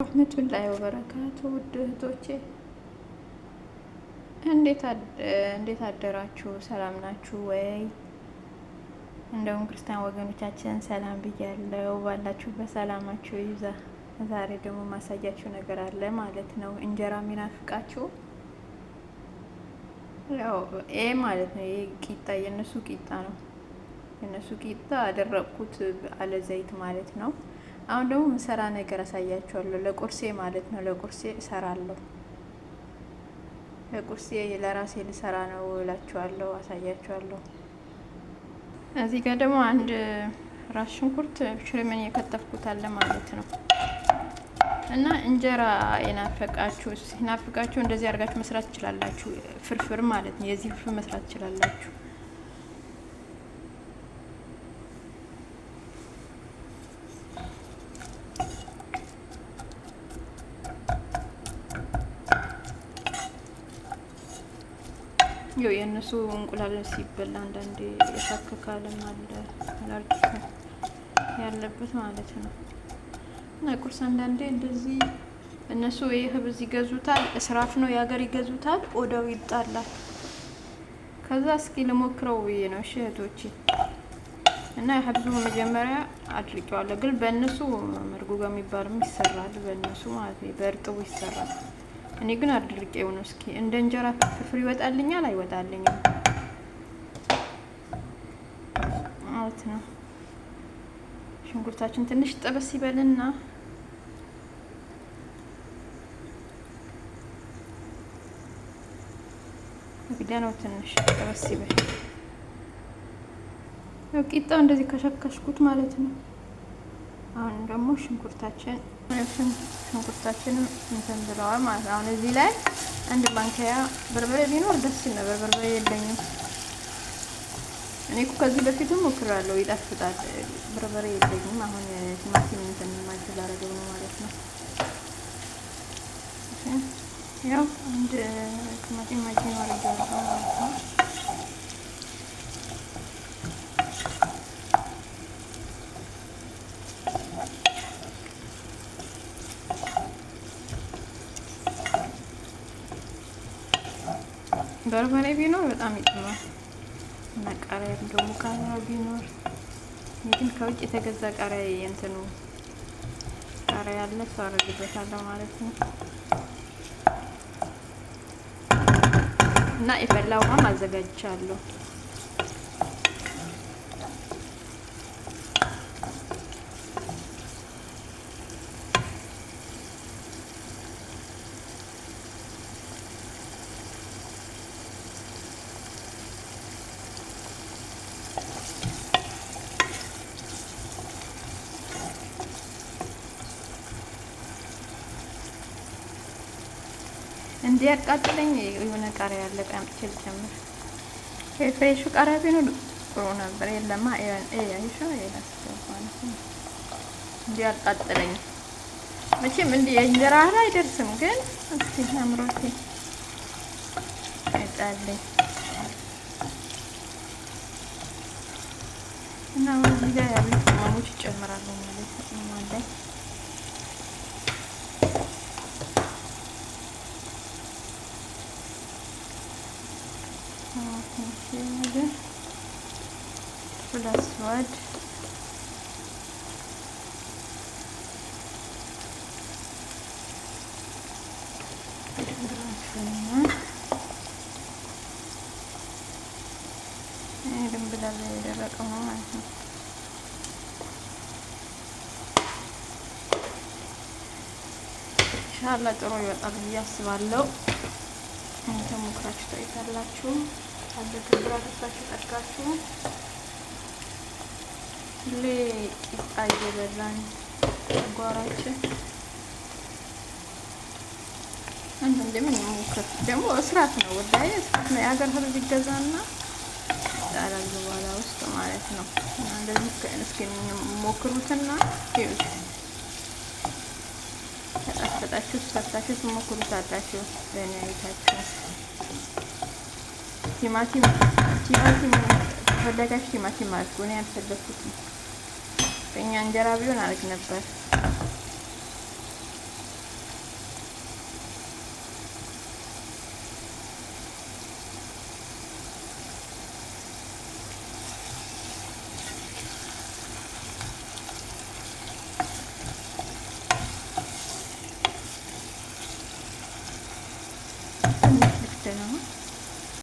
ረህመቱላሂ ወበረካቱ ውድ እህቶቼ እንዴት አደራችሁ? ሰላም ናችሁ ወይ? እንደውም ክርስቲያን ወገኖቻችን ሰላም ብያለው። ባላችሁ በሰላማችሁ ይዛ። ዛሬ ደግሞ ማሳያችሁ ነገር አለ ማለት ነው። እንጀራ የሚናፍቃችሁ ያው ይሄ ማለት ነው። ይሄ ቂጣ የእነሱ ቂጣ ነው። የእነሱ ቂጣ አደረቅኩት አለ ዘይት ማለት ነው። አሁን ደግሞ ምሰራ ነገር አሳያችኋለሁ። ለቁርሴ ማለት ነው። ለቁርሴ እሰራለሁ። ለቁርሴ ለራሴ ልሰራ ነው እላችኋለሁ፣ አሳያችኋለሁ። እዚህ ጋር ደግሞ አንድ ራስ ሽንኩርት ሽርምን የከተፍኩት አለ ማለት ነው። እና እንጀራ የናፈቃችሁ ናፍቃችሁ እንደዚህ አድርጋችሁ መስራት ትችላላችሁ። ፍርፍር ማለት ነው። የዚህ ፍርፍር መስራት ትችላላችሁ። ያው የእነሱ እንቁላል ሲበላ አንዳንዴ የታከካልም አለ አላርጅ ያለበት ማለት ነው። እና ቁርስ አንዳንዴ እንደዚህ እነሱ ይህ ህብዝ ይገዙታል፣ እስራፍ ነው የሀገር ይገዙታል፣ ወደው ይጣላል። ከዛ እስኪ ልሞክረው ብዬ ነው እሺ እና የህብዙ መጀመሪያ አድርቄዋለሁ፣ ግን በእነሱ ምርጉጋ የሚባልም ይሰራል፣ በእነሱ ማለት ነው፣ በእርጥቡ ይሰራል። እኔ ግን አድርቄው ነው። እስኪ እንደ እንጀራ ፍርፍር ይወጣልኛል አይወጣልኝም ማለት ነው። ሽንኩርታችን ትንሽ ጥበስ ይበልና ቢዳ ነው ትንሽ ጥበስ ይበል። ቂጣው እንደዚህ ከሸከሽኩት ማለት ነው። አሁን ደግሞ ሽንኩርታችን ሽንኩርታችንም እንትን ብለዋል ማለት ነው። አሁን እዚህ ላይ አንድ ማንኪያ በርበሬ ቢኖር ደስ ይል ነበር። በርበሬ የለኝም። እኔ እኮ ከዚህ በፊትም ሞክራለሁ፣ ይጣፍጣል። በርበሬ የለኝም። አሁን ቲማቲም እንትን ማጅ ላደርገው ነው ማለት ነው። ያው አንድ ቲማቲም ማጅ ነው አድርጌዋለሁ በርበሬ ቢኖር በጣም ይጥማል እና ቃሪያ ደግሞ ቃሪያ ቢኖር ግን ከውጭ የተገዛ ቃሪያ የእንትኑ ቃሪያ ያለ ሰው ማለት ነው። እና የፈላ ውሃም አዘጋጅቻለሁ። እንዲያቃጥለኝ የሆነ ቃሪያ ያለ ቃምቼ ልጨምር። ፍሬሹ ቃሪያ ቢኖር ጥሩ ነበር። የለማ ያይሾ እንዲያቃጥለኝ መቼም እንዲ የእንጀራ ላይ አይደርስም፣ ግን እስቲ አምሮቴ ይጣልኝ እና እዚህ ጋር ያሉት ቅመሞች ይጨምራሉ ማለት ነው። አስዋድ ድንብላል የደረቀው ነው ማለት ነው። ኢንሻላህ ጥሩ ይወጣል ብዬ አስባለሁ። አድርጋችሁ ታይታላችሁ። አለ ክብር አድርጋችሁ ሁሌ ቂጣ እየበላን ጓራችን ምን ደግሞ እስራት ነው ወዳይ እስራት ነው። የሀገር ህዝብ ይገዛና ይጣላል በኋላ ውስጥ ማለት ነው። እንደዚህ እስኪ ሞክሩትና ሰርታችሁ አይታችሁ ቲማቲም ቲማቲም ከፈለጋችሁ ቲማቲም አድርጉ። እኔ አልፈለኩትም። በእኛ እንጀራ ቢሆን አድርግ ነበር።